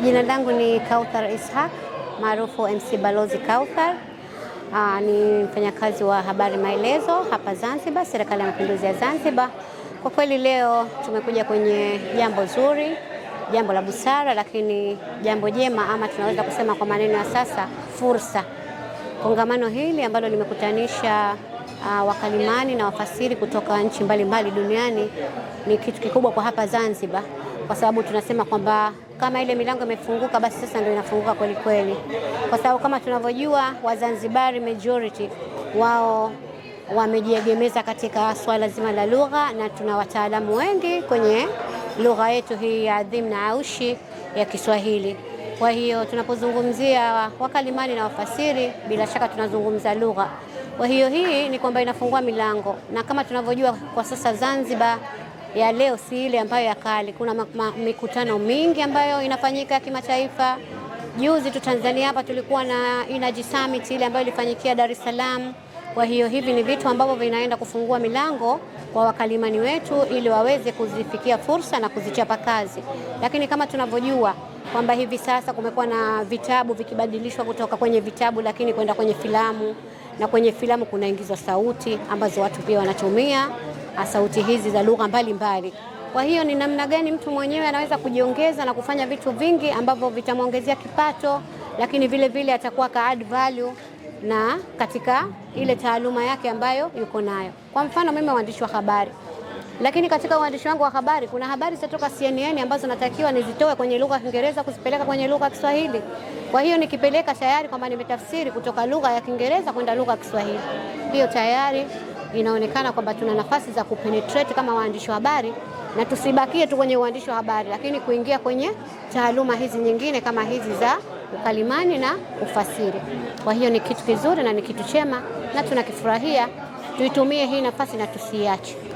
Jina langu ni Kauthar Ishaq maarufu MC Balozi Kauthar. Aa, ah, ni mfanyakazi wa habari maelezo hapa Zanzibar, Serikali ya Mapinduzi ya Zanzibar. Kwa kweli leo tumekuja kwenye jambo zuri, jambo la busara, lakini jambo jema, ama tunaweza kusema kwa maneno ya sasa, fursa. Kongamano hili ambalo limekutanisha Uh, wakalimani na wafasiri kutoka nchi mbalimbali duniani ni kitu kikubwa kwa hapa Zanzibar kwa sababu tunasema kwamba kama ile milango imefunguka basi sasa ndio inafunguka kweli kweli, kwa sababu kama tunavyojua Wazanzibari majority wao wamejiegemeza katika swala zima la lugha, na tuna wataalamu wengi kwenye lugha yetu hii ya adhimu na aushi ya Kiswahili. Kwa hiyo tunapozungumzia wakalimani na wafasiri, bila shaka tunazungumza lugha. Kwa hiyo hii ni kwamba inafungua milango, na kama tunavyojua kwa sasa Zanzibar ya leo si ile ambayo ya kale. Kuna mikutano mingi ambayo inafanyika ya kimataifa. Juzi tu Tanzania hapa tulikuwa na Energy Summit ile ambayo ilifanyikia Dar es Salaam. Kwa hiyo hivi ni vitu ambavyo vinaenda kufungua milango kwa wakalimani wetu ili waweze kuzifikia fursa na kuzichapa kazi, lakini kama tunavyojua kwamba hivi sasa kumekuwa na vitabu vikibadilishwa kutoka kwenye vitabu lakini kwenda kwenye filamu, na kwenye filamu kunaingizwa sauti ambazo watu pia wanatumia sauti hizi za lugha mbalimbali. Kwa hiyo ni namna gani mtu mwenyewe anaweza kujiongeza na kufanya vitu vingi ambavyo vitamwongezea kipato, lakini vile vile atakuwa ka add value na katika ile taaluma yake ambayo yuko nayo. Kwa mfano mimi mwandishi wa habari, lakini katika uandishi wangu wa habari kuna habari zitatoka CNN ambazo natakiwa nizitoe kwenye lugha ya Kiingereza kuzipeleka kwenye lugha ya Kiswahili. Kwa hiyo nikipeleka tayari kwamba nimetafsiri kutoka lugha ya Kiingereza kwenda lugha ya Kiswahili, hiyo tayari inaonekana kwamba tuna nafasi za kupenetrate kama waandishi wa habari na tusibakie tu kwenye uandishi wa habari, lakini kuingia kwenye taaluma hizi nyingine kama hizi za ukalimani na ufasiri. Kwa hiyo ni kitu kizuri na ni kitu chema na tunakifurahia, tuitumie hii nafasi na tusiiache.